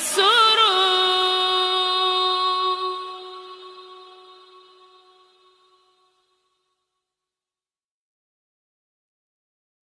So.